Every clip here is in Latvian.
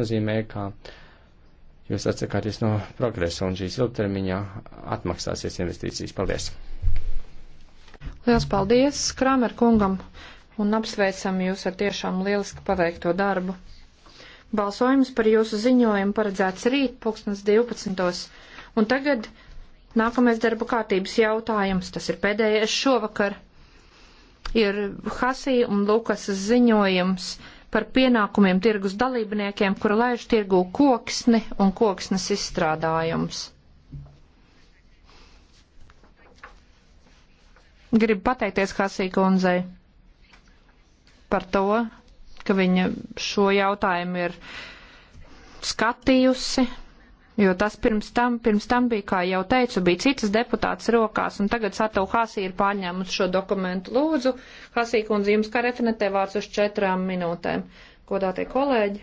nozīmē, ka jūs atsakāties no progresa un šīs ilgtermiņā atmaksāsies investīcijas. Paldies! Lielas paldies Kramer kungam un apsveicam jūs ar tiešām lieliski paveikto darbu. Balsojums par jūsu ziņojumu paredzēts rīt, pulkstens 12. Un tagad nākamais darba kārtības jautājums, tas ir pēdējais šovakar, ir Hasī un Lukas ziņojums par pienākumiem tirgus dalībniekiem, kura laiž tirgū koksni un koksnes izstrādājums. Gribu pateikties Hasī kundzei par to, ka viņa šo jautājumu ir skatījusi, Jo tas pirms tam, pirms tam bija, kā jau teicu, bija citas deputātas rokās, un tagad Sato Hasī ir pārņēmusi šo dokumentu. Lūdzu, Hasī kundze, jums kā referentē vārds uz četrām minūtēm. Godātie kolēģi!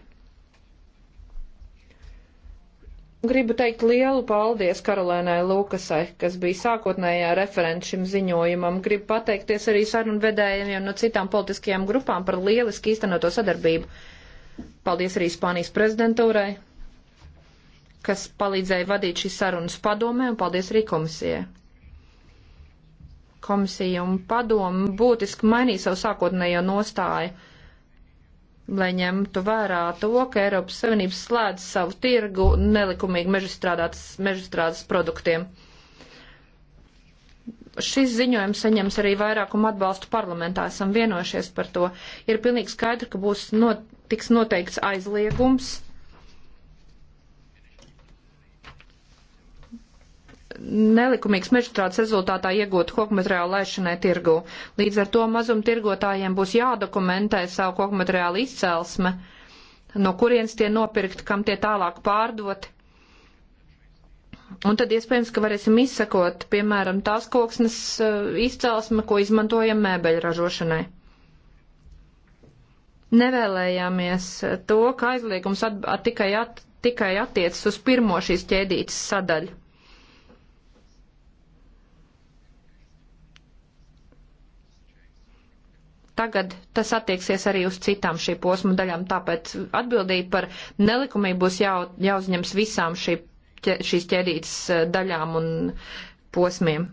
Gribu teikt lielu paldies Karolēnai Lūkasai, kas bija sākotnējā referenta šim ziņojumam. Gribu pateikties arī sarunvedējiem no citām politiskajām grupām par lieliski īstenoto sadarbību. Paldies arī Spānijas prezidentūrai, kas palīdzēja vadīt šīs sarunas padomē, un paldies arī komisijai. Komisija un padomu būtiski mainīja savu sākotnējo nostāju, lai ņemtu vērā to, ka Eiropas Savienība slēdz savu tirgu nelikumīgi mežstrādes produktiem. Šis ziņojums saņems arī vairākumu atbalstu parlamentā, esam vienojušies par to. Ir pilnīgi skaidri, ka būs not, tiks noteikts aizliegums nelikumīgas mežstrādes rezultātā iegūtu kokmateriālu laišanai tirgu. Līdz ar to mazumtirgotājiem būs jādokumentē savu kokmateriālu izcelsme, no kurienes tie nopirkt, kam tie tālāk pārdot. Un tad iespējams, ka varēsim izsakot, piemēram, tās koksnes eh, izcelsme, ko izmantojam mēbeļu ražošanai. Nevēlējāmies to, ka aizliegums at, at, tikai, at, tikai attiecas uz pirmo šīs ķēdītes sadaļu. Tagad tas attieksies arī uz citām šī posma daļām, tāpēc atbildība par nelikumību būs jā, jāuzņems visām šī, šīs ķerītas daļām un posmiem.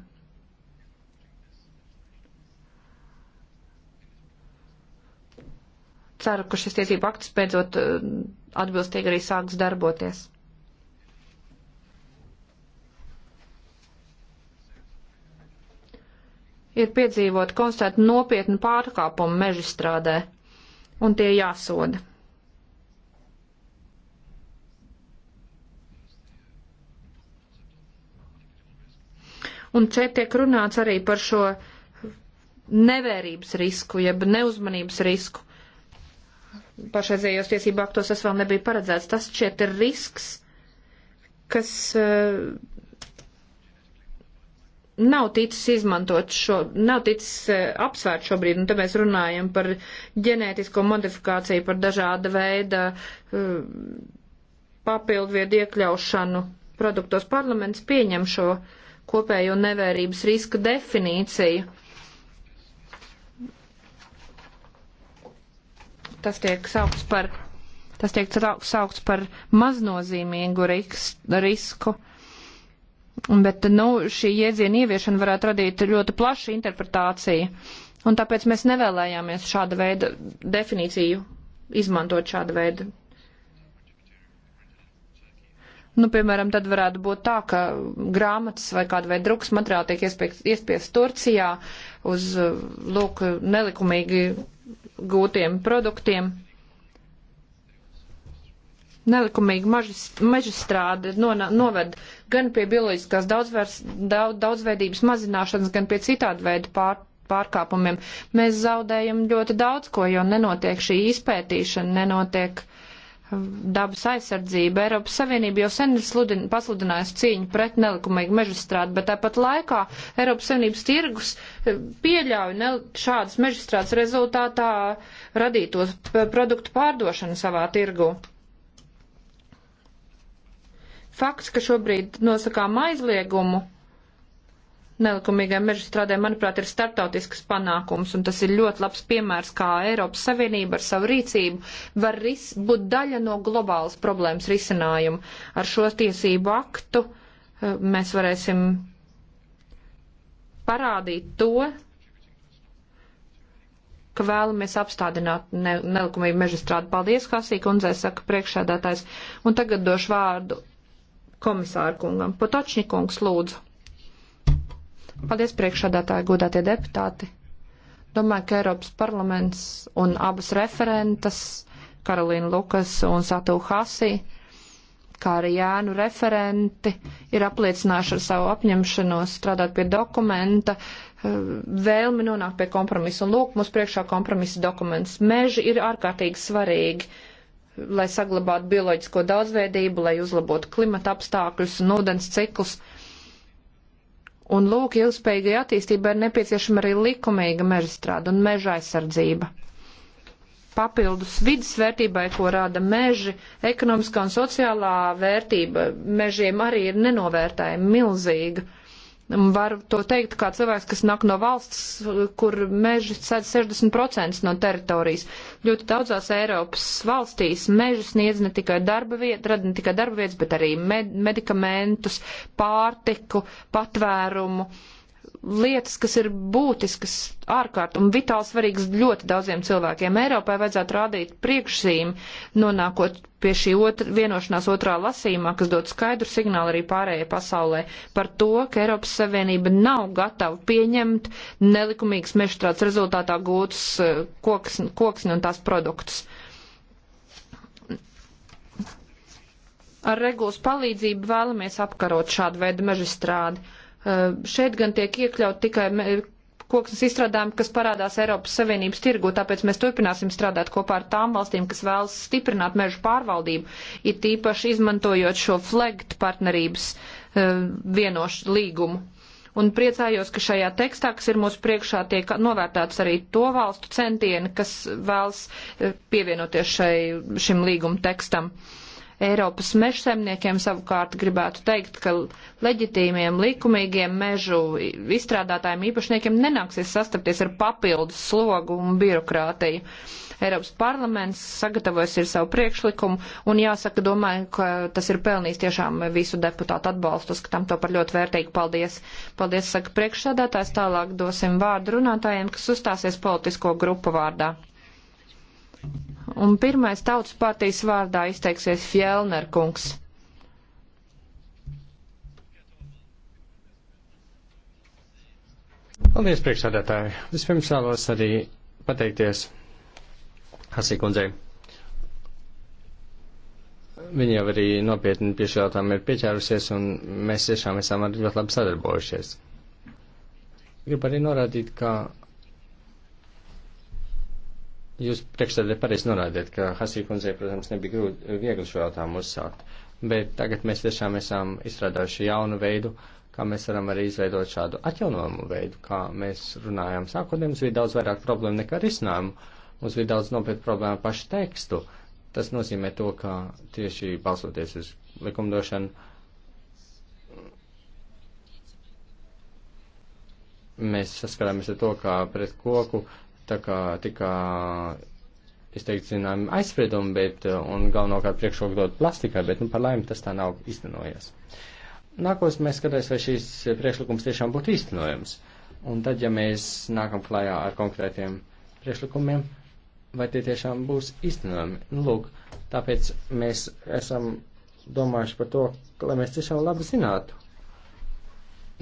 Ceru, ka šis tiesību akts beidzot atbilstīgi arī sāks darboties. ir piedzīvot konstatēt nopietnu pārkāpumu mežstrādē, un tie jāsoda. Un šeit tiek runāts arī par šo nevērības risku, jeb neuzmanības risku. Pašreizējos tiesību aktos tas vēl nebija paredzēts. Tas šķiet ir risks, kas uh, nav ticis izmantot šo, nav ticis eh, apsvērt šobrīd, un te mēs runājam par ģenētisko modifikāciju, par dažāda veida eh, papildviedu iekļaušanu produktos. Parlaments pieņem šo kopējo nevērības riska definīciju. Tas tiek saukts par, tas tiek saukts par maznozīmīgu risku. risku Bet nu, šī jēdziena ieviešana varētu radīt ļoti plašu interpretāciju. Un tāpēc mēs nevēlējāmies šāda veida definīciju izmantot šāda veida. Nu, piemēram, tad varētu būt tā, ka grāmatas vai kāda veida drukas materiāli tiek iespiest Turcijā uz, lūk, nelikumīgi gūtiem produktiem nelikumīgi maģistrāde noved gan pie bioloģiskās daudzvērs, daudz, daudzveidības mazināšanas, gan pie citāda veida pār, pārkāpumiem. Mēs zaudējam ļoti daudz ko, jo nenotiek šī izpētīšana, nenotiek uh, dabas aizsardzība. Eiropas Savienība jau sen ir pasludinājusi cīņu pret nelikumīgu mežastrādu, bet tāpat laikā Eiropas Savienības tirgus uh, pieļauj ne, šādas mežastrādes rezultātā radītos produktu pārdošanu savā tirgu. Fakts, ka šobrīd nosakām aizliegumu nelikumīgai meža strādē, manuprāt, ir startautisks panākums, un tas ir ļoti labs piemērs, kā Eiropas Savienība ar savu rīcību var ris, būt daļa no globālas problēmas risinājuma. Ar šo tiesību aktu eh, mēs varēsim parādīt to, ka vēlamies apstādināt ne, nelikumīgu meža strādu. Paldies, Kasī kundzei, saka priekšādātājs. Un tagad došu vārdu komisāru kungam. Potočņikungs lūdzu. Paldies priekšādātāji, godātie deputāti. Domāju, ka Eiropas parlaments un abas referentas, Karolīna Lukas un Satū Hasī, kā arī Jānu referenti, ir apliecinājuši ar savu apņemšanos strādāt pie dokumenta, eh, vēlmi nonākt pie kompromisa. Un lūk, mums priekšā kompromisa dokuments. Meži ir ārkārtīgi svarīgi lai saglabātu bioloģisko daudzveidību, lai uzlabotu klimata apstākļus un ūdens ciklus. Un lūk, ilgspējīgai attīstībai ir nepieciešama arī likumīga mežstrāda un meža aizsardzība. Papildus vidas vērtībai, ko rāda meži, ekonomiskā un sociālā vērtība mežiem arī ir nenovērtējama milzīga. Uh, Varu to teikt kā cilvēks, kas nāk no valsts, kur meži sēdz 60% no teritorijas. Ļoti daudzās Eiropas valstīs meži sniedz ne tikai darba vietas, rada ne tikai darba vietas, bet arī med medikamentus, pārtiku, patvērumu. Uh, lietas, kas ir būtiskas ārkārt un vitāli svarīgas ļoti daudziem cilvēkiem. Eiropai vajadzētu rādīt priekšsīm, nonākot pie šī otra, vienošanās otrā lasīmā, kas dod skaidru signālu arī pārējai pasaulē par to, ka Eiropas Savienība nav gatava pieņemt nelikumīgas meštrāts rezultātā gūtus eh, koks, koksni un tās produktus. Ar regulas palīdzību vēlamies apkarot šādu veidu meža strādi Eh, šeit gan tiek iekļaut tikai koksnes izstrādājumi, kas parādās Eiropas Savienības tirgu, tāpēc mēs turpināsim strādāt kopā ar tām valstīm, kas vēlas stiprināt mežu pārvaldību, it īpaši izmantojot šo flegt partnerības eh, vienošu līgumu. Un priecājos, ka šajā tekstā, kas ir mūsu priekšā, tiek novērtēts arī to valstu centieni, kas vēlas eh, pievienoties šai, šim līguma tekstam. Uh, Eiropas mežsaimniekiem savukārt gribētu teikt, ka leģitīmiem, likumīgiem mežu izstrādātājiem īpašniekiem nenāksies sastapties ar papildus slogu un birokrātiju. Eiropas parlaments sagatavojas ir savu priekšlikumu un jāsaka, domāju, ka tas ir pelnījis tiešām visu deputātu atbalstu. Uzskatām to par ļoti vērtīgu. Paldies. Paldies, saka priekšsēdētājs. Tālāk dosim vārdu runātājiem, kas uzstāsies politisko grupu vārdā. Un pirmais tautas partijas vārdā izteiksies Fjellner kungs. Paldies, priekšsādātāji. Vispirms vēlos arī pateikties Hasikundzei. Viņa jau arī nopietni pie šī jautājuma ir pieķērusies, un mēs tiešām esam arī ļoti labi sadarbojušies. Gribu arī norādīt, ka Jūs priekšsēdē pareizi norādījat, ka Hasīkundzei, protams, nebija grūti eh, viegli šo jautājumu uzsākt, bet tagad mēs tiešām esam izstrādājuši jaunu veidu, kā mēs varam arī izveidot šādu atjaunojumu veidu, kā mēs runājām sākotnēm, mums bija daudz vairāk problēmu nekā risinājumu, mums bija daudz nopietnu problēmu pašu tekstu. Tas nozīmē to, ka tieši balsoties uz likumdošanu, mēs saskarāmies ar to, ka pret koku tā kā tika izteikti, zinām, aizspriedumi, bet, un galvenokārt priekšroku dot plastikai, bet, nu, par laimi tas tā nav iztenojies. Nākos mēs skatāmies, vai šīs priekšlikums tiešām būtu īstenojams. Un tad, ja mēs nākam klājā ar konkrētiem priekšlikumiem, vai tie tiešām būs īstenojami. Nu, lūk, tāpēc mēs esam domājuši par to, lai mēs tiešām labi zinātu,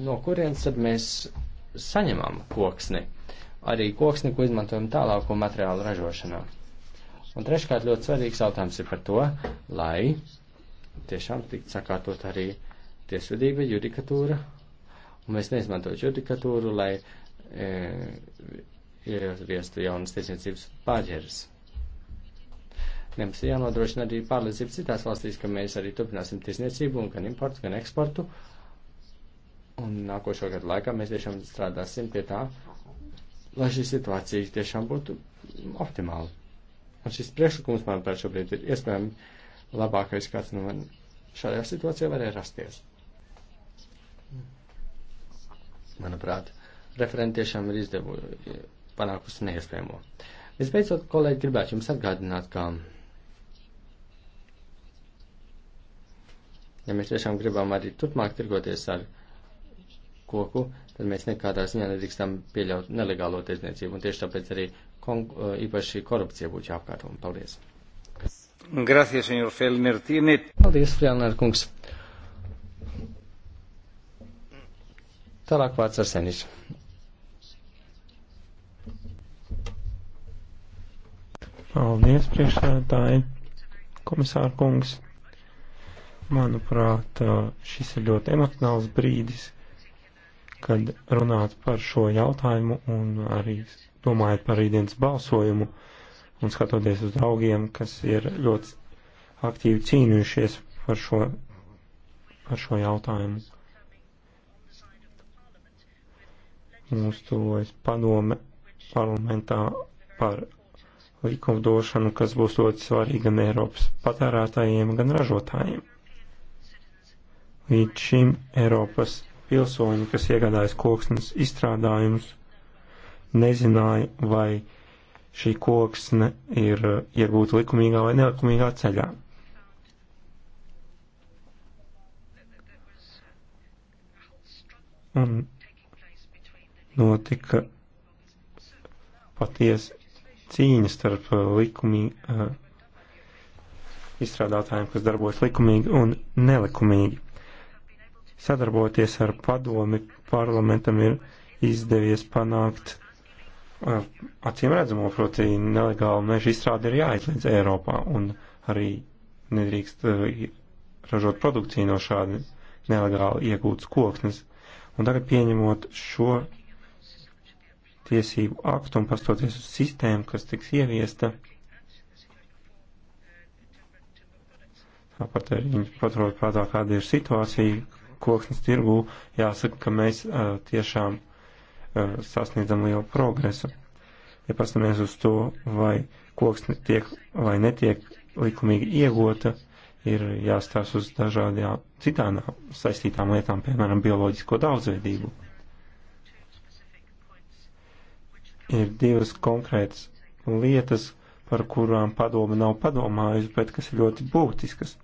no kurienes tad mēs saņemam koksni arī koksniku izmantojumu tālāko materiālu ražošanā. Un treškārt ļoti svarīgs jautājums ir par to, lai tiešām tiktu sakārtot arī tiesvedība, judikatūra, un mēs neizmantotu judikatūru, lai e, ieviestu jaunas tiesniecības pārģeras. Mums ir jānodrošina arī pārliecība citās valstīs, ka mēs arī turpināsim tiesniecību un gan importu, gan eksportu. Un nākošo gadu laikā mēs tiešām strādāsim pie tā, lai šī situācija tiešām būtu optimāla. Un šis priekšlikums, manuprāt, šobrīd ir iespējami labākais, kāds nu man šajā situācijā varēja rasties. Manuprāt, referenti tiešām ir izdevu panākusi neiespējamo. Visbeidzot, kolēģi, gribētu jums atgādināt, ka ja mēs tiešām gribam arī turpmāk tirgoties ar koku, tad mēs nekādā ziņā nedrīkstam pieļaut nelegālo tirdzniecību, un tieši tāpēc arī kon, uh, īpaši korupcija būtu jāapkārto. Paldies! Gracias, senor Felner. Tiene... Paldies, Felner kungs. Tālāk vārds Arsenis. Paldies, priekšsēdētāji, komisāra kungs. Manuprāt, uh, šis ir ļoti emocionāls brīdis, kad runāt par šo jautājumu un arī domājot par rītdienas balsojumu un skatoties uz draugiem, kas ir ļoti aktīvi cīnījušies par šo, par šo jautājumu. Mums tuvojas padome parlamentā par likumdošanu, kas būs ļoti svarīga gan Eiropas patērētājiem, gan ražotājiem. Līdz šim Eiropas pilsoņi, kas iegādājas koksnes izstrādājumus, nezināja, vai šī koksne ir uh, iegūta likumīgā vai nelikumīgā ceļā. Un notika patiesa cīņa starp uh, likumīgi uh, izstrādātājiem, kas darbojas likumīgi un nelikumīgi. Sadarboties ar padomi, parlamentam ir izdevies panākt acīm redzamo, proti nelegālu mežu izstrādi ir jāizliedz Eiropā un arī nedrīkst ražot produkciju no šādi nelegāli iegūtas koksnes. Un tagad pieņemot šo tiesību aktu un pastoties uz sistēmu, kas tiks ieviesta, tāpat arī viņi paturot prātā, kāda ir situācija, koksnes tirgū, jāsaka, ka mēs uh, tiešām uh, sasniedzam lielu progresu. Ja pastamies uz to, vai koksne tiek vai netiek likumīgi iegota, ir jāstās uz dažādām citām saistītām lietām, piemēram, bioloģisko daudzveidību. Ir divas konkrētas lietas, par kurām padome nav padomājusi, bet kas ir ļoti būtiskas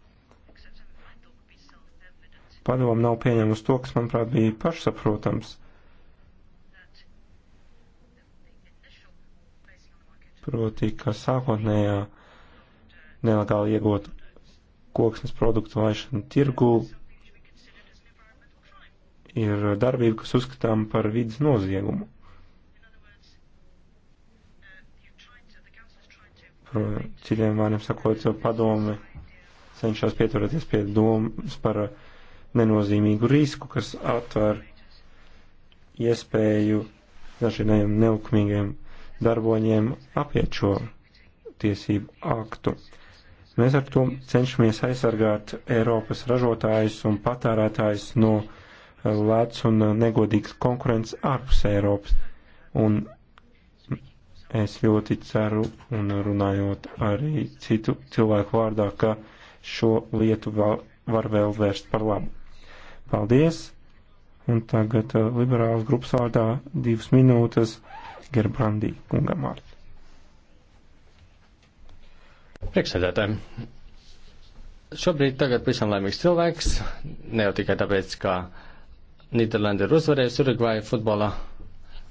padomu nav pieņemusi to, kas, manuprāt, bija pašsaprotams. Proti, ka sākotnējā nelegāli iegūt koksnes produktu laišana tirgu ir darbība, kas uzskatām par vidas noziegumu. Par citiem vārdiem sakot, jau padome cenšas pieturēties pie domas par uh, nenozīmīgu risku, kas atver iespēju dažiem neukumīgiem darboņiem apiet šo tiesību aktu. Mēs ar to cenšamies aizsargāt Eiropas ražotājus un patērētājus no eh, lēts un negodīgas konkurences ārpus Eiropas. Un es ļoti ceru un runājot arī citu cilvēku vārdā, ka šo lietu vēl var vēl vērst par labu. Paldies! Un tagad uh, liberālas grupas vārdā divas minūtes Gerbrandī kungam vārdu. Priekšsēdētājiem. Šobrīd tagad pavisam laimīgs cilvēks, ne jau tikai tāpēc, ka Nīderlanda ir uzvarējusi Urugvāju futbolā,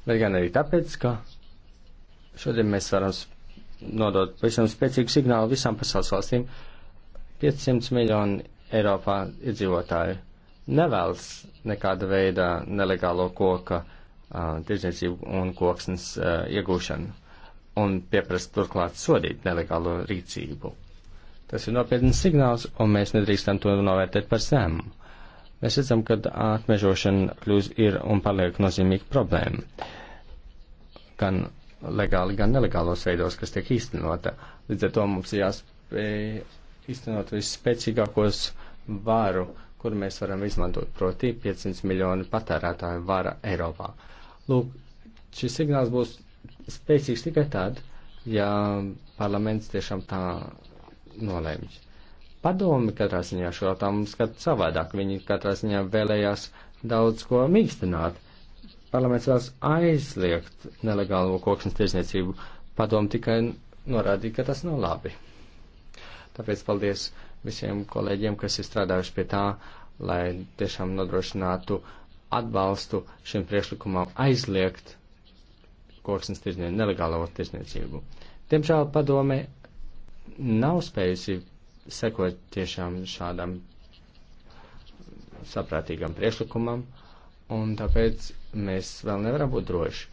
bet gan arī tāpēc, ka šodien mēs varam nodot pavisam spēcīgu signālu visām pasaules valstīm. 500 miljoni Eiropā iedzīvotāju nevēlas nekāda veida nelegālo koka uh, tirdzniecību un koksnes uh, iegūšanu un pieprast turklāt sodīt nelegālo rīcību. Tas ir nopietns signāls, un mēs nedrīkstam to novērtēt par zemu. Mēs redzam, ka atmežošana kļūs ir un paliek nozīmīga problēma. Gan legāli, gan nelegālos veidos, kas tiek īstenota. Līdz ar to mums jāspēj īstenot visspēcīgākos varu uh, kuru mēs varam izmantot, proti 500 miljoni patērētāju vara Eiropā. Lūk, šis signāls būs spēcīgs tikai tad, ja parlaments tiešām tā nolēmj. Padomi katrā ziņā šo jautājumu skat savādāk. Viņi katrā ziņā vēlējās daudz ko mīkstināt. Parlaments vēlas aizliegt nelegālo kokšņu tirzniecību. Padomi tikai norādīja, ka tas nav labi. Tāpēc paldies visiem kolēģiem, kas ir strādājuši pie tā, lai tiešām nodrošinātu atbalstu šim priekšlikumam aizliegt koksnes tirzniecību, nelegālo tirzniecību. Diemžēl padome nav spējusi sekot tiešām šādam saprātīgam priekšlikumam, un tāpēc mēs vēl nevaram būt droši.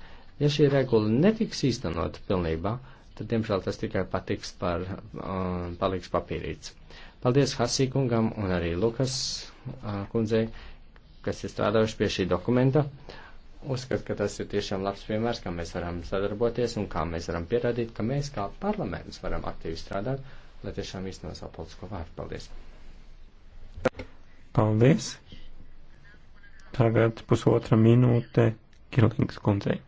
Ja šī regula netiks īstenot pilnībā, tad, diemžēl, tas tikai patiks par, um, paliks papīrīts. Uh, Paldies Hasīkungam un arī Lukas kundzei, kas ir strādājuši pie šī dokumenta. Uzskat, ka tas ir tiešām labs piemērs, kā mēs varam sadarboties un kā mēs varam pierādīt, ka mēs kā parlaments varam aktīvi strādāt, lai tiešām īstenot savu politisko vārdu. Paldies! Paldies! Tagad pusotra minūte Kirlings kundzei.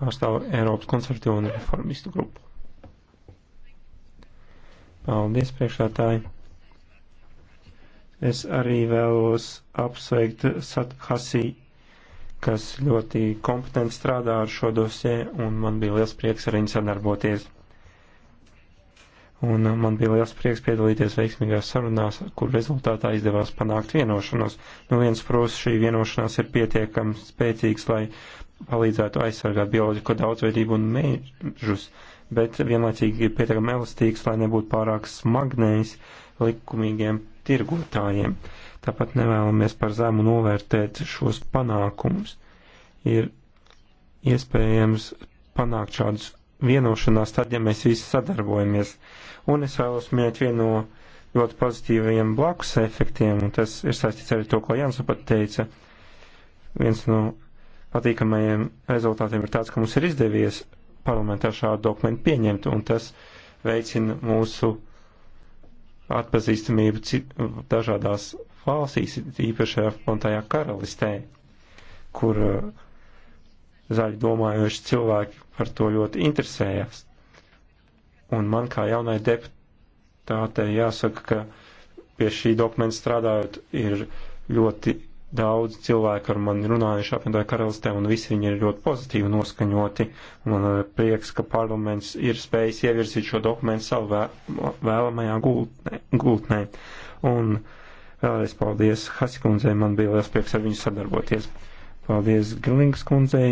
Pārstāv Eiropas konservatīvu un reformistu grupu. Paldies, priekšētāji. Es arī vēlos apsveikt Sathasi, kas ļoti kompetenti strādā ar šo dosē, un man bija liels prieks ar viņu sadarboties un man bija liels prieks piedalīties veiksmīgās sarunās, kur rezultātā izdevās panākt vienošanos. Nu, viens pros šī vienošanās ir pietiekami spēcīgs, lai palīdzētu aizsargāt bioloģisko daudzveidību un mēžus, bet vienlaicīgi ir pietiekami elastīgs, lai nebūtu pārāk smagnējs likumīgiem tirgotājiem. Tāpat nevēlamies par zemu novērtēt šos panākumus. Ir iespējams panākt šādus vienošanās tad, ja mēs visi sadarbojamies. Un es vēlos minēt vienu no ļoti pozitīviem blakus efektiem, un tas ir saistīts arī to, ko Jānis pat teica. Viens no patīkamajiem rezultātiem ir tāds, ka mums ir izdevies parlamentā šādu dokumentu pieņemtu, un tas veicina mūsu atpazīstamību cit, dažādās valstīs, īpašajā fontajā karalistē, kur uh, zaļi domājoši cilvēki par to ļoti interesējas. Un man kā jaunai deputātei jāsaka, ka pie šī dokumenta strādājot ir ļoti Daudz cilvēku ar mani runājuši apvienotajā karalistē, un visi viņi ir ļoti pozitīvi noskaņoti. Man ir eh, prieks, ka parlaments ir spējis ievirzīt šo dokumentu savu vē, vēlamajā gultnē. gultnē. Un vēlreiz paldies Hasikundzei, man bija liels prieks ar viņu sadarboties. Paldies Grilings kundzei.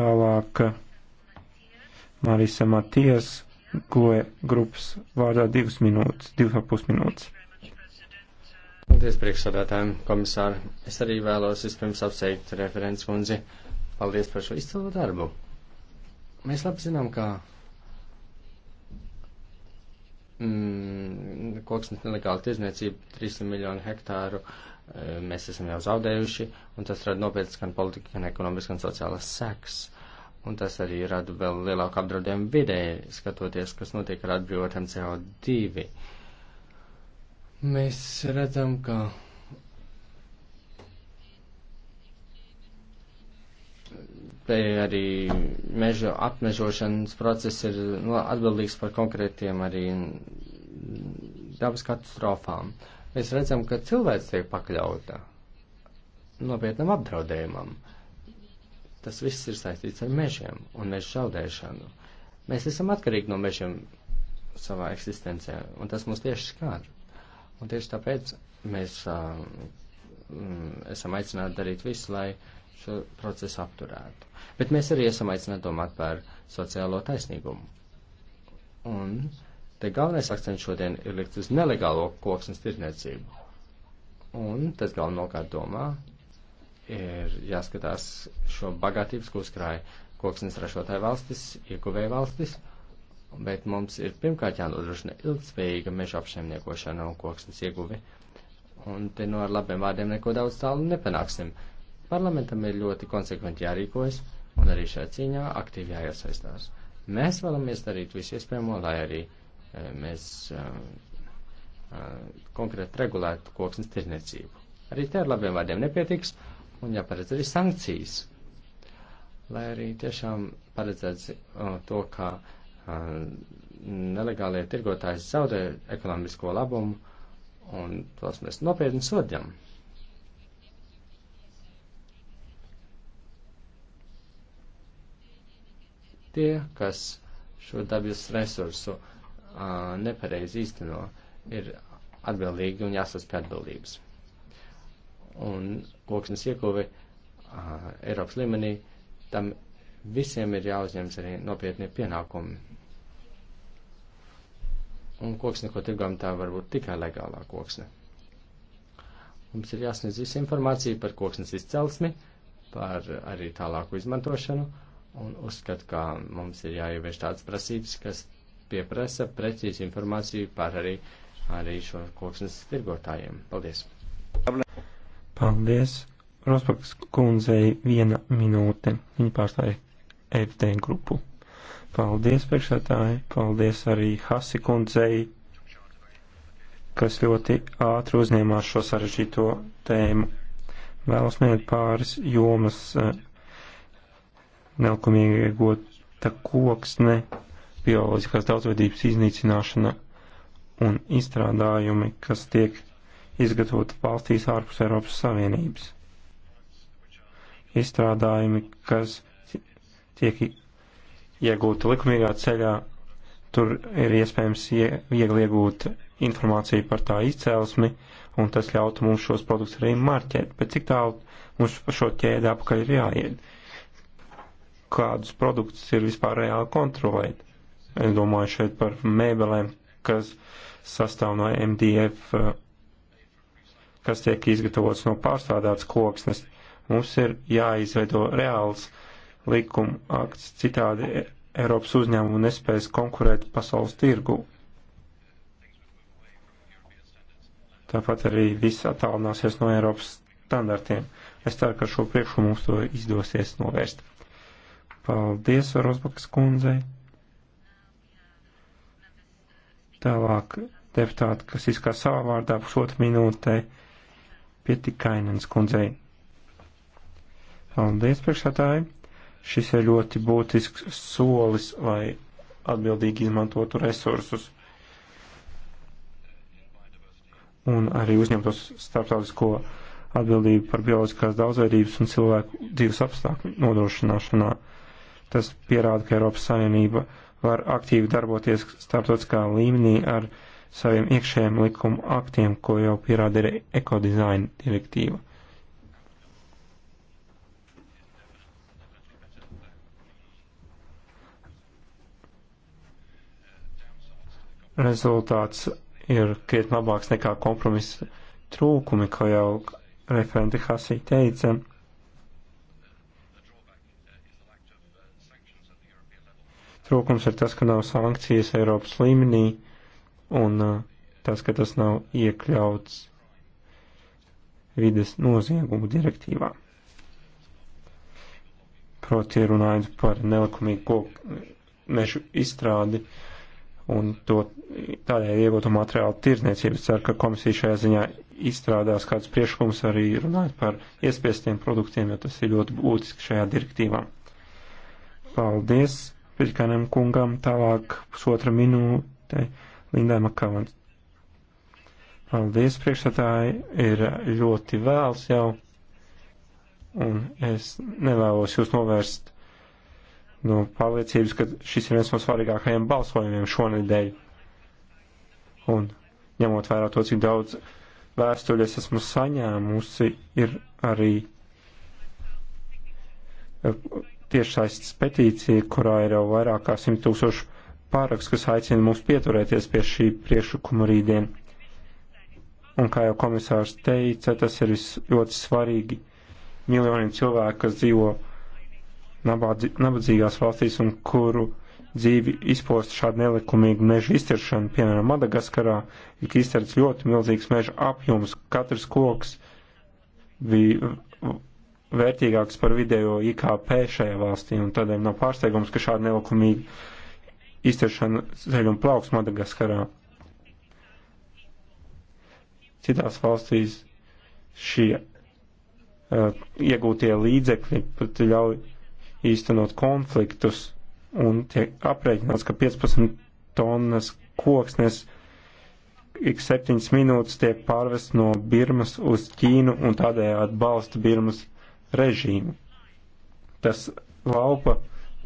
Tālāk eh, Marisa Matijas, Gloja e grupas vārdā divas minūtes, divas ap pus minūtes. Paldies priekšsādātājiem, komisāri. Es arī vēlos vispirms apsveikt referents kundzi. Paldies par šo izcilu darbu. Mēs labi zinām, ka mm, koksnes nelegāla tirzniecība 300 miljonu hektāru e, mēs esam jau zaudējuši, un tas rada nopietnas gan politika, gan ekonomiski, gan sociālas seks. Un tas arī rada vēl lielāku apdraudējumu vidē, skatoties, kas notiek ar atbrīvotiem CO2. Uh, Mēs redzam, ka te arī meža apmežošanas process ir no, nu, atbildīgs par konkrētiem arī dabas katastrofām. Mēs redzam, ka cilvēks tiek pakļauta nopietnam apdraudējumam. Tas viss ir saistīts ar mežiem un meža zaudēšanu. Mēs esam atkarīgi no mežiem savā eksistencē, un tas mūs tieši skāra. Un tieši tāpēc mēs uh, esam aicināti darīt visu, lai šo procesu apturētu. Bet mēs arī esam aicināti domāt par sociālo taisnīgumu. Un te galvenais akcents šodien ir likt uz nelegālo koksnes tirdzniecību. Un tas galvenokārt domā ir jāskatās šo bagātības, ko uzkrāja koksnes ražotāju valstis, iekuvēja valstis, bet mums ir pirmkārt jānodrošina ilgspējīga meža apsaimniekošana un koksnes ieguve. Un te no ar labiem vārdiem neko daudz tālu nepanāksim. Parlamentam ir ļoti konsekventi jārīkojas un arī šajā cīņā aktīvi jāiesaistās. Mēs vēlamies darīt visu iespējamo, lai arī e, mēs e, e, konkrēti regulētu koksnes tirniecību. Arī te ar labiem vārdiem nepietiks un jāparedz arī sankcijas, lai arī tiešām paredzētu uh, to, ka uh, nelegālie tirgotāji zaudē ekonomisko labumu, un tos mēs nopietni sodjam. Tie, kas šo dabas resursu uh, nepareizi īsteno, ir atbildīgi un jāsas pie atbildības. Un koksnes iekuvi uh, Eiropas līmenī tam visiem ir jāuzņems arī nopietni pienākumi. Un koksne, ko tirgām, tā var būt tikai legālā koksne. Mums ir jāsniedz visa informācija par koksnes izcelsmi, par arī tālāku izmantošanu, un uzskat, ka mums ir jāievieš tādas prasības, kas pieprasa precīzi informāciju par arī, arī šo koksnes tirgotājiem. Paldies! Paldies! Rospakas kundzei viena minūte. Viņa pārstāja FD grupu. Paldies, priekšsētāji, paldies arī Hasi kundzei, kas ļoti ātri uzņēmās šo sarežģīto tēmu. Vēlos minēt pāris jomas nelikumīgi iegūta koksne, bioloģiskās daudzveidības iznīcināšana un izstrādājumi, kas tiek izgatavoti valstīs ārpus Eiropas Savienības. Izstrādājumi, kas tiek iegūta likumīgā ceļā, tur ir iespējams viegli iegūt informāciju par tā izcēlesmi, un tas ļautu mums šos produktus arī marķēt. Bet cik tālu mums pa šo ķēdi apakaļ ir jāiet? Kādus produktus ir vispār reāli kontrolēt? Es domāju šeit par mēbelēm, kas sastāv no MDF, kas tiek izgatavots no pārstrādātas koksnes. Mums ir jāizveido reāls uh, likuma akts, citādi e- Eiropas uzņēmumu nespēs konkurēt pasaules tirgu. Tāpat arī viss attālināsies no Eiropas standartiem. Es ceru, ka šo priekšu mums to izdosies novērst. Paldies Rozbakas kundzei. Tālāk deputāti, kas izskā savā vārdā pusotru minūtē, pietikainens kundzei. Paldies priekšsētāji. Šis ir ļoti būtisks solis, lai atbildīgi izmantotu resursus un arī uzņemtos starptautisko atbildību par bioloģiskās daudzveidības un cilvēku dzīves apstākļu nodrošināšanā. Tas pierāda, ka Eiropas Savienība var aktīvi darboties starptautiskā līmenī ar saviem iekšējiem likuma aktiem, ko jau pierāda ir ekodizaina direktīva. rezultāts ir krietni labāks nekā kompromisa trūkumi, ko jau referenti Hasī teica. Trūkums ir tas, ka nav sankcijas Eiropas līmenī un uh, tas, ka tas nav iekļauts vides noziegumu direktīvā. Proti runājot par nelikumīgu koku mežu izstrādi, uh, un to tādēļ iegūtu materiālu tirzniecības. Ceru, ka komisija šajā ziņā izstrādās kāds priekšlikums arī runāt par iespiestiem produktiem, jo tas ir ļoti būtiski šajā direktīvā. Paldies Pirkanam kungam, tālāk pusotra minūte Lindai Makavans. Paldies priekšsatāji, ir ļoti vēls jau, un es nevēlos jūs novērst no nu, pārliecības, ka šis ir viens no svarīgākajiem balsojumiem šonedēļ. Un ņemot vērā to, cik daudz vēstuļas esmu saņēmusi, ir arī eh, tiešsaistes petīcija, kurā ir jau vairāk kā 100 tūkstoši pāraks, kas aicina mūs pieturēties pie šī priekšlikuma rītdien. Un kā jau komisārs teica, tas ir ļoti svarīgi miljoniem cilvēku, kas dzīvo nabadzīgās valstīs un kuru dzīvi izpost šāda nelikumīga meža izciršana, piemēram, Madagaskarā, ir izcerts ļoti milzīgs meža apjoms. Katrs koks bija vērtīgāks par vidējo IKP šajā valstī, un tādēļ nav pārsteigums, ka šāda nelikumīga izciršana ceļ un plauks Madagaskarā. Citās valstīs šie uh, iegūtie līdzekļi pat ļauj īstenot konfliktus un tiek aprēķināts, ka 15 tonnas koksnes ik 7 minūtes tiek pārvest no Birmas uz Ķīnu un tādējādi balsta Birmas režīmu. Tas laupa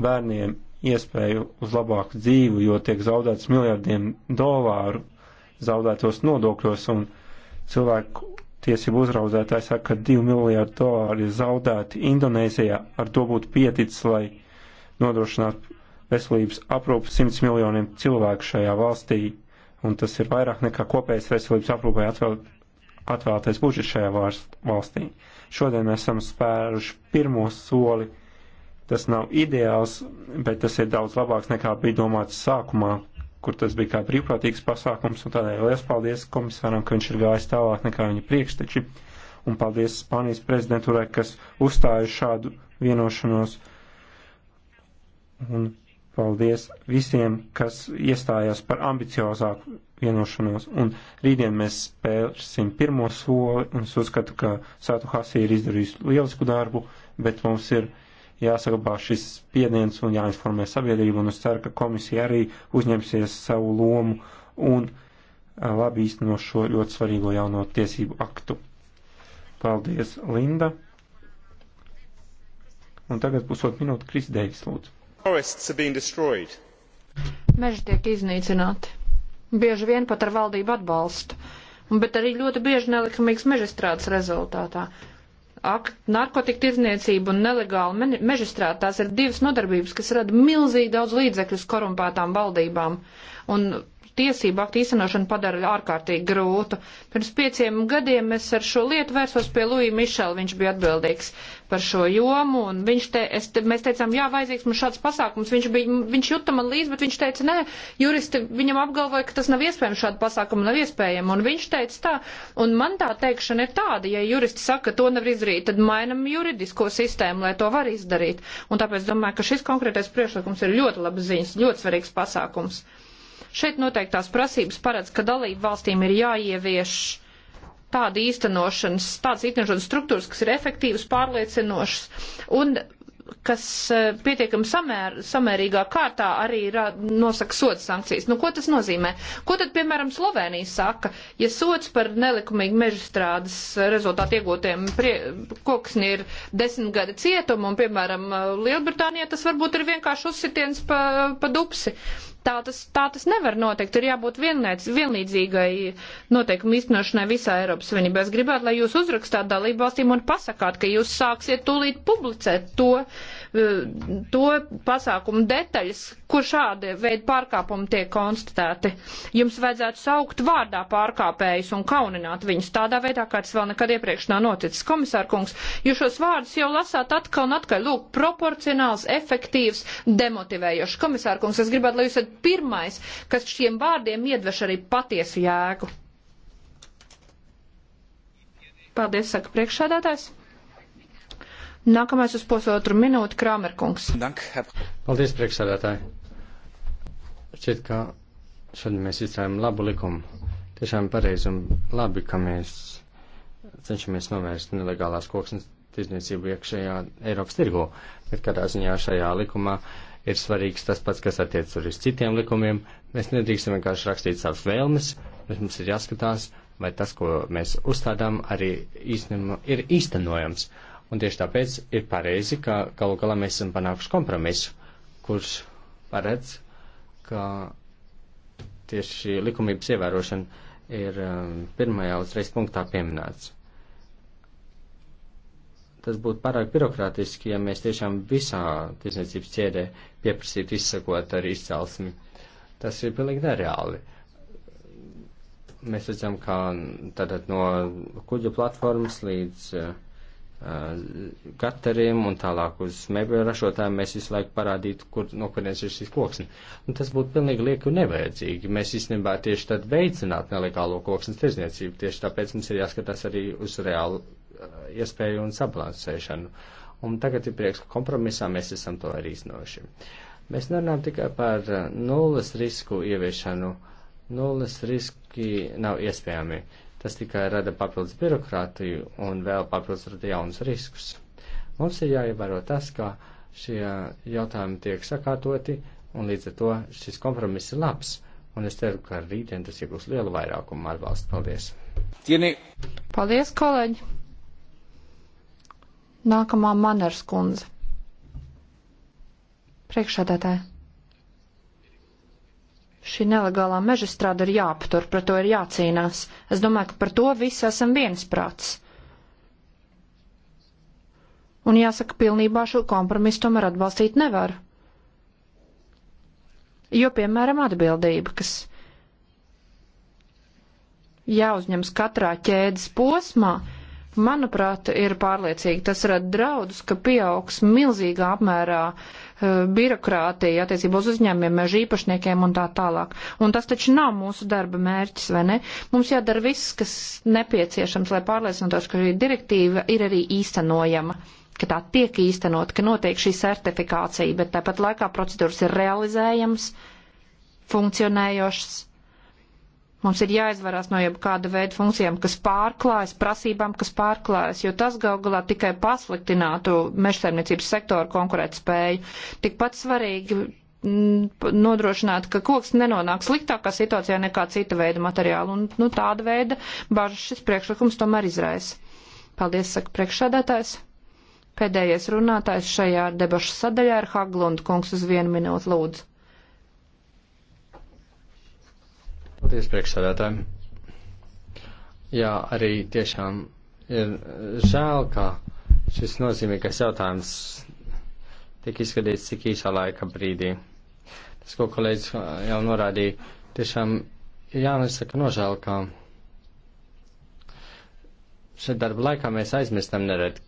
bērniem iespēju uz labāku dzīvi, jo tiek zaudēts miljardiem dolāru zaudētos nodokļos un cilvēku tiesību uzraudzētājs saka, ka 2 miljārdi dolāri ir zaudēti Indonēzijā, ar to būtu pieticis, lai nodrošinātu veselības aprūpu 100 miljoniem cilvēku šajā valstī, un tas ir vairāk nekā kopējais veselības aprūpai atvēl, atvēlētais budžets šajā valstī. Šodien esam spēruši pirmo soli. Tas nav ideāls, bet tas ir daudz labāks nekā bija domāts sākumā, kur tas bija kā brīvprātīgs pasākums, un tādēļ liels paldies komisāram, ka viņš ir gājis tālāk nekā viņa priekšteči, un paldies Spānijas prezidentūrai, kas uzstāja šādu vienošanos, un paldies visiem, kas iestājās par ambiciozāku vienošanos, un rītdien mēs spēlēsim pirmo soli, un es uzskatu, ka Sātu Hasī ir izdarījusi lielisku darbu, bet mums ir jāsaglabā šis spiediens un jāinformē sabiedrību, un es ceru, ka komisija arī uzņemsies savu lomu un labi īsteno šo ļoti svarīgo jauno tiesību aktu. Paldies, Linda! Un tagad pusot minūte Kris Deivis lūdzu. Meži tiek iznīcināti. Bieži vien pat ar valdību atbalstu, bet arī ļoti bieži nelikumīgs meža strādes rezultātā akt, narkotika tirdzniecība un nelegāla mežestrāta, tās ir divas nodarbības, kas rada milzīgi daudz līdzekļus korumpētām valdībām. Un tiesību aktu īstenošanu padara ārkārtīgi grūtu. Pirms pieciem gadiem es ar šo lietu vērsos pie Lūija Mišela, viņš bija atbildīgs par šo jomu, un viņš te, es, te, mēs teicām, jā, vajadzīgs mums šāds pasākums, viņš, bija, viņš juta man līdzi, bet viņš teica, nē, juristi viņam apgalvoja, ka tas nav iespējams, šāda pasākuma nav iespējama, un viņš teica tā, un man tā teikšana ir tāda, ja juristi saka, ka to nevar izdarīt, tad mainam juridisko sistēmu, lai to var izdarīt, un tāpēc domāju, ka šis konkrētais priekšlikums ir ļoti labas ziņas, ļoti svarīgs pasākums. Šeit noteiktās prasības paredz, ka dalību valstīm ir jāievieš tāda īstenošanas, tādas īstenošanas struktūras, kas ir efektīvas, pārliecinošas un kas e, pietiekami samēr, samērīgā kārtā arī ra, nosaka sodu sankcijas. Nu, ko tas nozīmē? Ko tad, piemēram, Slovenija saka, ja sods par nelikumīgu mežstrādes rezultātu iegūtiem koksni ir desmit gadi cietuma, un, piemēram, Lielbritānijā tas varbūt ir vienkārši uzsitiens pa, pa dupsi. Tā tas, tā tas nevar notikt. Ir jābūt vienlēc, vienlīdzīgai noteikumu īstenošanai visā Eiropas Savienībā. Es gribētu, lai jūs uzrakstāt dalību valstīm un pasakāt, ka jūs sāksiet tūlīt publicēt to, uh, to pasākumu detaļas, kur šādi veidi pārkāpumi tiek konstatēti. Jums vajadzētu saukt vārdā pārkāpējus un kaunināt viņus tādā veidā, kā tas vēl nekad iepriekš nav noticis. Komisārkungs, jūs šos vārdus jau lasāt atkal un atkal. Lūk, proporcionāls, efektīvs, demotivējošs. Komisārkungs, es gribētu, lai jūs esat pirmais, kas šiem vārdiem iedveš arī patiesu jēgu. Paldies, saka priekšsādātājs. Nākamais uz pusotru minūti Krāmerkungs. Paldies, priekšsādātāji. Šķiet, ka šodien mēs izstrādājam labu likumu. Tiešām pareizi un labi, ka mēs cenšamies novērst nelegālās koksnes tirdzniecību iekšējā Eiropas tirgo, bet kādā ziņā šajā likumā ir svarīgs tas pats, kas attiec arī uz citiem likumiem. Mēs nedrīkstam vienkārši rakstīt savas vēlmes, bet mums ir jāskatās, vai tas, ko mēs uzstādām, arī īstenam, ir īstenojams. Uh, Un tieši tāpēc ir pareizi, ka galu galā mēs esam panākuši kompromisu, kurš paredz, ka tieši likumības ievērošana ir um, pirmajā uzreiz punktā pieminēts. Tas būtu pārāk birokrātiski, ja mēs tiešām visā tirsniecības ķēdē pieprasītu izsakot ar izcelsmi. Tas ir pilnīgi nereāli. Mēs redzam, ka tātad no kuģu platformas līdz uh, gatariem un tālāk uz mēbeļu ražotājiem mēs visu laiku parādītu, kur, no kurienes ir šis koksne. Un tas būtu pilnīgi lieki un nevajadzīgi. Mēs īstenībā tieši tad veicinātu nelegālo koksnes tirzniecību. Tieši tāpēc mums ir jāskatās arī uz reālu iespēju un sabalansēšanu. Un tagad ir prieks, ka kompromisā mēs esam to arī iznoši. Mēs nerunājam tikai par nulles risku ieviešanu. Nulles riski nav iespējami. Uh, Tas tikai rada papildus birokrātiju un vēl papildus rada jaunus riskus. Mums ir jāievēro tas, ka šie jautājumi tiek sakārtoti, un līdz ar to šis kompromiss ir labs, un es ceru, ka rītdien tas iegūs lielu vairākumu atbalstu. Paldies! Tienī. Paldies, kolēģi! Nākamā maners kundze. Priekšsēdētāji. Šī nelegālā meža strāda ir jāaptur, par to ir jācīnās. Es domāju, ka par to visi esam viensprāts. Un jāsaka, pilnībā šo kompromisu tomēr atbalstīt nevaru. Jo, piemēram, atbildība, kas jāuzņems katrā ķēdes posmā, manuprāt, ir pārliecīgi. Tas rada draudus, ka pieaugs milzīgā apmērā uh, Eh, birokrātija attiecībā uz uzņēmiem, meža īpašniekiem un tā tālāk. Un tas taču nav mūsu darba mērķis, vai ne? Mums jādara viss, kas nepieciešams, lai pārliecinātos, ka šī direktīva ir arī īstenojama ka tā tiek īstenot, ka notiek šī certifikācija, bet tāpat laikā procedūras ir realizējams, funkcionējošas Mums ir jāizvarās no jebkāda veida funkcijām, kas pārklājas, prasībām, kas pārklājas, jo tas gal galā tikai pasliktinātu mežsaimniecības sektoru konkurētspēju. Tikpat svarīgi mm, nodrošināt, ka koks nenonāk sliktākā situācijā nekā cita veida materiāla, un nu, tāda veida bažas šis priekšlikums tomēr izraisa. Paldies, saka priekšsēdētājs. Pēdējais runātājs šajā debašu sadaļā ir Haglund kungs uz vienu minūtu lūdzu. Paldies priekšsādātājiem. Jā, arī tiešām ir žēl, ka šis nozīmīgais jautājums tika izskatīts tik īsā laika brīdī. Tas, ko kolēģis jau norādīja, tiešām jānosaka nožēl, ka šeit darba laikā mēs aizmirstam nerad,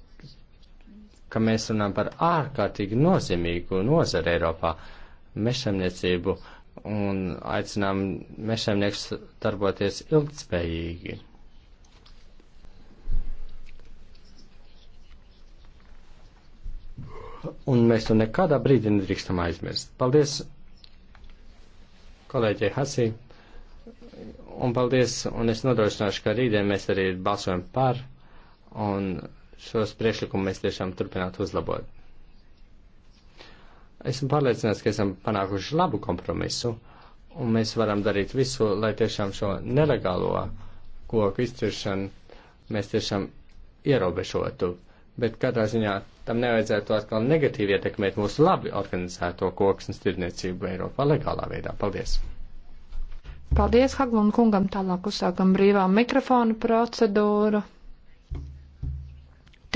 ka mēs runājam par ārkārtīgi nozīmīgu nozari Eiropā - mešamniecību. Uh, un aicinām mežsaimnieks darboties ilgtspējīgi. Un mēs to nekādā brīdī nedrīkstam aizmirst. Paldies kolēģei Hasī. Un paldies, un es nodrošināšu, ka rītdien mēs arī balsojam par, un šos priekšlikumus mēs tiešām turpinātu uzlabot. Esmu pārliecināts, ka esam panākuši labu kompromisu, un mēs varam darīt visu, lai tiešām šo nelegālo koku izciršanu mēs tiešām ierobežotu. Bet katrā ziņā tam nevajadzētu atkal negatīvi ietekmēt mūsu labi organizēto koksnes tirdzniecību Eiropā legālā veidā. Paldies! Paldies Haglun kungam, tālāk uzsākam brīvā mikrofona procedūru.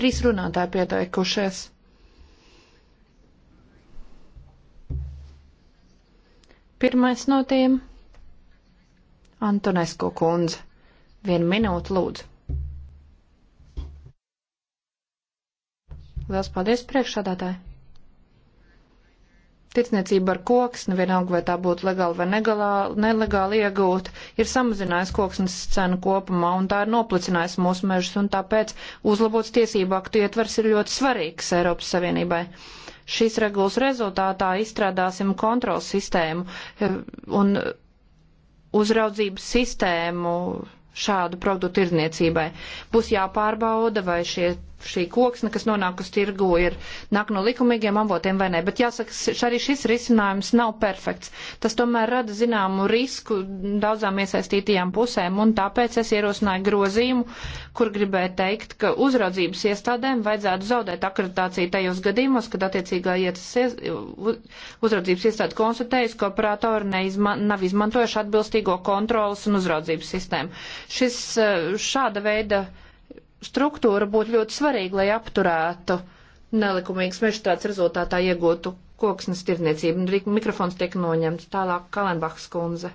Trīs runātāji pieteikušies. Pirmais no tiem - Antonesko kundze. Vienu minūtu lūdzu. Liels paldies priekšādātāji! Ticniecība ar koksni, nu vienalga vai tā būtu legāli vai negalā, nelegāli iegūta, ir samazinājusi koksnes cenu kopumā un tā ir noplicinājusi mūsu mežus un tāpēc uzlabots tiesību aktu ietvers ir ļoti svarīgs Eiropas Savienībai. Šīs regulas rezultātā izstrādāsim kontrols sistēmu e, un uzraudzības sistēmu šādu produktu tirdzniecībai. Būs jāpārbauda, vai šie šī koksne, kas nonāk uz tirgu, ir nāk no likumīgiem avotiem vai nē. Bet jāsaka, arī šis risinājums nav perfekts. Tas tomēr rada zināmu risku daudzām iesaistītajām pusēm, un tāpēc es ierosināju grozījumu, kur gribēju teikt, ka uzraudzības iestādēm vajadzētu zaudēt akreditāciju tajos gadījumos, kad attiecīgā ietas uzraudzības iestāde konstatējas, ka operatori neizma nav izmantojuši atbilstīgo kontrolas un uzraudzības sistēmu. Šis eh, šāda veida struktūra būtu ļoti svarīga, lai apturētu nelikumīgas mežtāts rezultātā iegūtu koksnes tirniecību. Mikrofons tiek noņemts. Tālāk Kalenbachs kundze.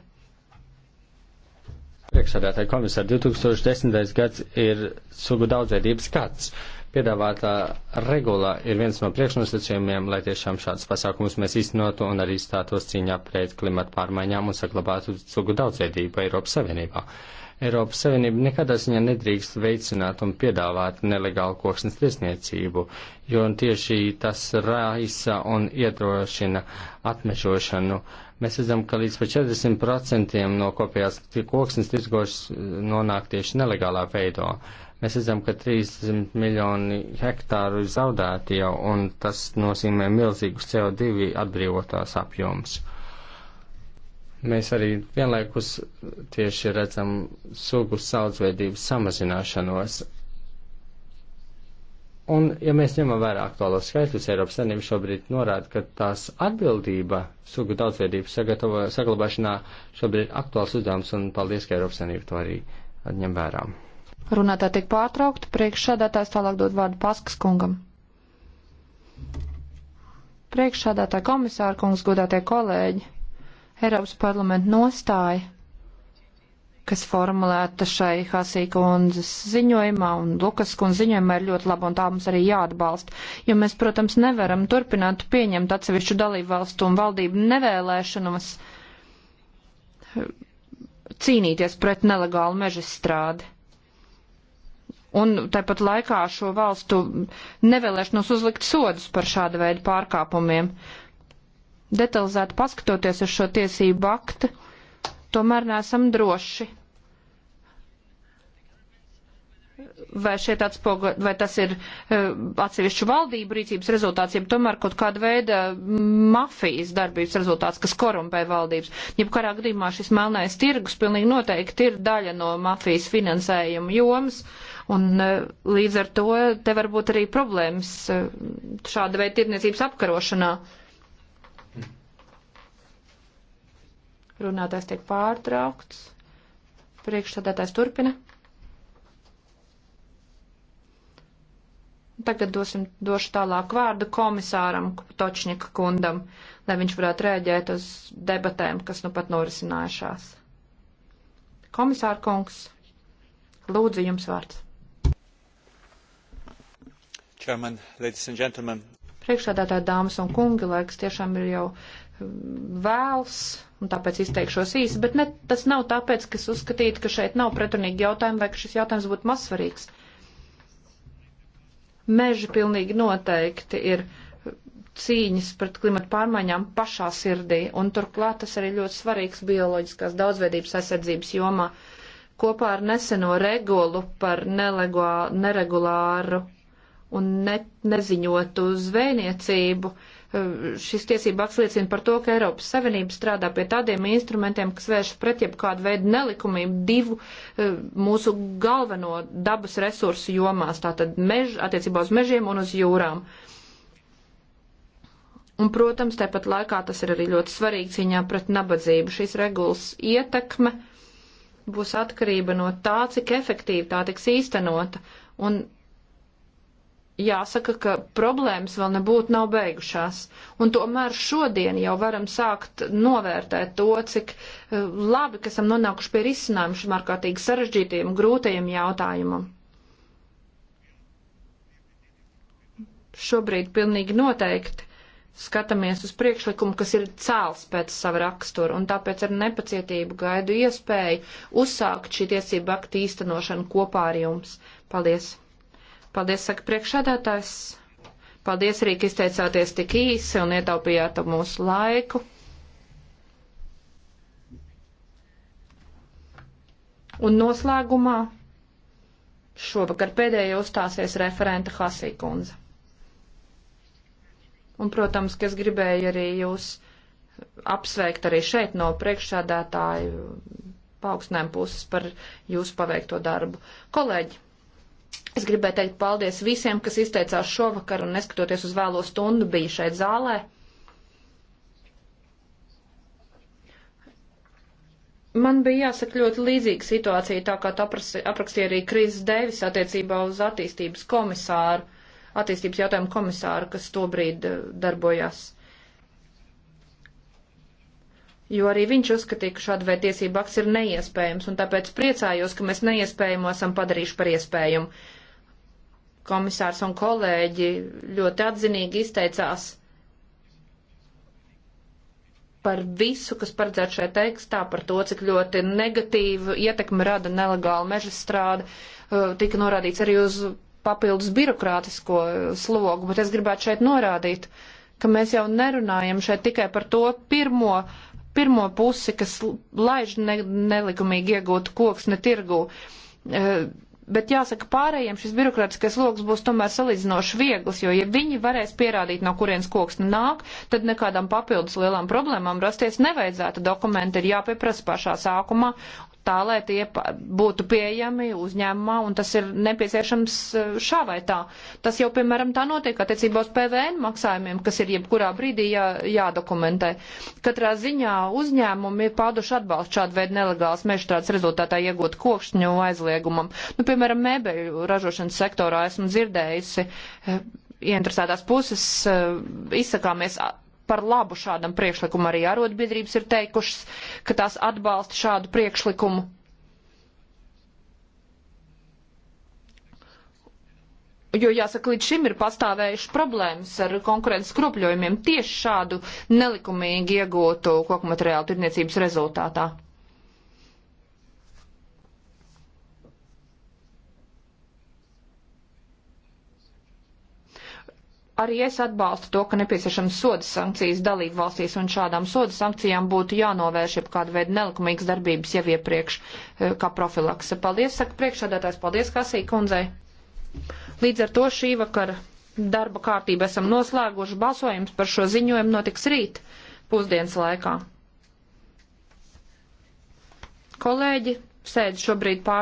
Priekšsādātāji komisāri, 2010. gads ir sugu daudzveidības gads. Piedāvātā regula ir viens no priekšnosacījumiem, lai tiešām šāds pasākums mēs īstenotu un arī stātos cīņā pret klimatu pārmaiņām un saglabātu sugu daudzveidību Eiropas Savienībā. Uh, Eiropas Savienība nekādā ziņā nedrīkst veicināt un piedāvāt nelegālu koksnes tiesniecību, jo tieši tas raisa un iedrošina atmežošanu. Mēs redzam, ka līdz pat 40% no kopējās koksnes tirgošas nonāk tieši nelegālā veidā. Mēs redzam, ka 30 miljoni hektāru ir zaudēti jau, un tas nozīmē milzīgus CO2 atbrīvotās apjoms. Mēs arī vienlaikus tieši redzam sugu saudzveidības samazināšanos. Un, ja mēs ņemam vērā aktuālos skaitļus, Eiropas Savienība šobrīd norāda, ka tās atbildība sugu daudzveidības saglabāšanā šobrīd ir aktuāls uzdevums, un paldies, ka Eiropas Savienība to arī ņem vērā. Runātā tiek pārtraukta, priekšsādātājs tālāk dod vārdu Paskas kungam priekšsādātā komisāra kungs, godātie kolēģi! Eiropas parlamenta nostāja, kas formulēta šai Hasī kundzes ziņojumā un Lukas kundzes ziņojumā ir ļoti laba un tā mums arī jāatbalsta, jo mēs, protams, nevaram turpināt pieņemt atsevišķu dalību valstu un valdību nevēlēšanos cīnīties pret nelegālu mežestrādi un tāpat laikā šo valstu nevēlēšanos uzlikt sodus par šāda veida pārkāpumiem detalizēti paskatoties uz šo tiesību aktu, tomēr nesam droši. Vai, atspogu, vai tas ir e, atsevišķu valdību rīcības rezultāts, jeb tomēr kaut kāda veida mafijas darbības rezultāts, kas korumpē valdības. Jebkurā gadījumā šis melnais tirgus pilnīgi noteikti ir daļa no mafijas finansējuma jomas. Un e, līdz ar to te var būt arī problēmas e, šāda veida tirniecības apkarošanā. Uh, Runātājs tiek pārtraukts. Priekšsādātājs turpina. Tagad dosim, došu tālāk vārdu komisāram Točņika kundam, lai viņš varētu rēģēt uz debatēm, kas nu pat norisinājušās. Komisāra kungs, lūdzu jums vārds. Chairman, ladies and gentlemen. Priekšādātāji dāmas un kungi, laiks tiešām ir jau uh, vēls, un tāpēc izteikšos īsi, bet ne, tas nav tāpēc, ka es uzskatītu, ka šeit nav pretrunīgi jautājumi vai ka šis jautājums būtu mazsvarīgs. Meži pilnīgi noteikti ir cīņas pret klimatu pārmaiņām pašā sirdī, un turklāt tas arī ļoti svarīgs bioloģiskās daudzveidības aizsardzības jomā. Kopā ar neseno regulu par nelegā, neregulāru un ne, neziņotu zvejniecību uh, šis tiesība akts liecina par to, ka Eiropas Savienība strādā pie tādiem instrumentiem, kas vērš pret jebkādu veidu nelikumību divu eh, mūsu galveno dabas resursu jomās, tātad mež, attiecībā uz mežiem un uz jūrām. Un, protams, tāpat laikā tas ir arī ļoti svarīgi cīņā pret nabadzību. Šīs regulas ietekme būs atkarība no tā, cik efektīvi tā tiks īstenota. Un jāsaka, ka problēmas vēl nebūtu nav beigušās. Un tomēr šodien jau varam sākt novērtēt to, cik eh, labi, ka esam nonākuši pie risinājumu šim ārkārtīgi sarežģītajam, grūtajam jautājumam. Šobrīd pilnīgi noteikti skatāmies uz priekšlikumu, kas ir cēls pēc sava rakstura, un tāpēc ar nepacietību gaidu iespēju uzsākt šī tiesība akti īstenošanu kopā ar jums. Paldies! Paldies, saka priekšādātājs. Paldies arī, ka izteicāties tik īsi un ietaupījāt mūsu laiku. Un noslēgumā šovakar pēdējo uzstāsies referenta Hasīkundze. Un, protams, ka es gribēju arī jūs apsveikt arī šeit no priekšsādātāju paaugstinājuma puses par jūsu paveikto darbu. Kolēģi, Es gribēju teikt paldies visiem, kas izteicās šovakar un neskatoties uz vēlo stundu bija šeit zālē. Man bija jāsaka ļoti līdzīga situācija, tā kā aprakstīja arī Kris Devis attiecībā uz attīstības komisāru, attīstības jautājumu komisāru, kas tobrīd eh, darbojās jo arī viņš uzskatīja, ka šāda veida tiesība akts ir neiespējams, un tāpēc priecājos, ka mēs neiespējamo esam padarījuši par iespējumu. Komisārs un kolēģi ļoti atzinīgi izteicās par visu, kas paredzēts šajā tekstā, par to, cik ļoti negatīvu ietekmi rada nelegāla meža strāda, uh, tika norādīts arī uz papildus birokrātisko slogu, bet es gribētu šeit norādīt, ka mēs jau nerunājam šeit tikai par to pirmo pirmo pusi, kas laiž ne, nelikumīgi iegūtu koksni tirgū. E, bet jāsaka, pārējiem šis birokrātiskais lokus būs tomēr salīdzinoši viegls, jo ja viņi varēs pierādīt, no kurienes koks nāk, tad nekādām papildus lielām problēmām rasties nevajadzētu. Dokumenti ir jāpieprasa pašā sākumā, tā, lai tie būtu pieejami uzņēmumā, un tas ir nepieciešams eh, šā vai tā. Tas jau, piemēram, tā notiek attiecībā uz PVN maksājumiem, kas ir jebkurā brīdī jā, jādokumentē. Katrā ziņā uzņēmumi ir pauduši atbalstu šādu veidu nelegālas mežstrādes rezultātā iegūt kokšņu aizliegumam. Nu, piemēram, mēbeļu ražošanas sektorā esmu dzirdējusi eh, ieinteresētās puses eh, izsakāmies par labu šādam priekšlikumam. Arī arotbiedrības ir teikušas, ka tās atbalsta šādu priekšlikumu. Jo, jāsaka, līdz šim ir pastāvējuši problēmas ar konkurences kropļojumiem tieši šādu nelikumīgi iegūtu koku materiālu tirniecības rezultātā. Arī es atbalstu to, ka nepieciešams soda sankcijas dalību valstīs, un šādām soda sankcijām būtu jānovērš jau kāda veida nelikumīgas darbības jau iepriekš, eh, kā profilakse. Paldies, saka priekšādātājs, paldies Kasī kundzei. Līdz ar to šī vakara darba kārtību esam noslēguši. Balsojums par šo ziņojumu notiks rīt pusdienas laikā. Kolēģi, sēdz šobrīd pār.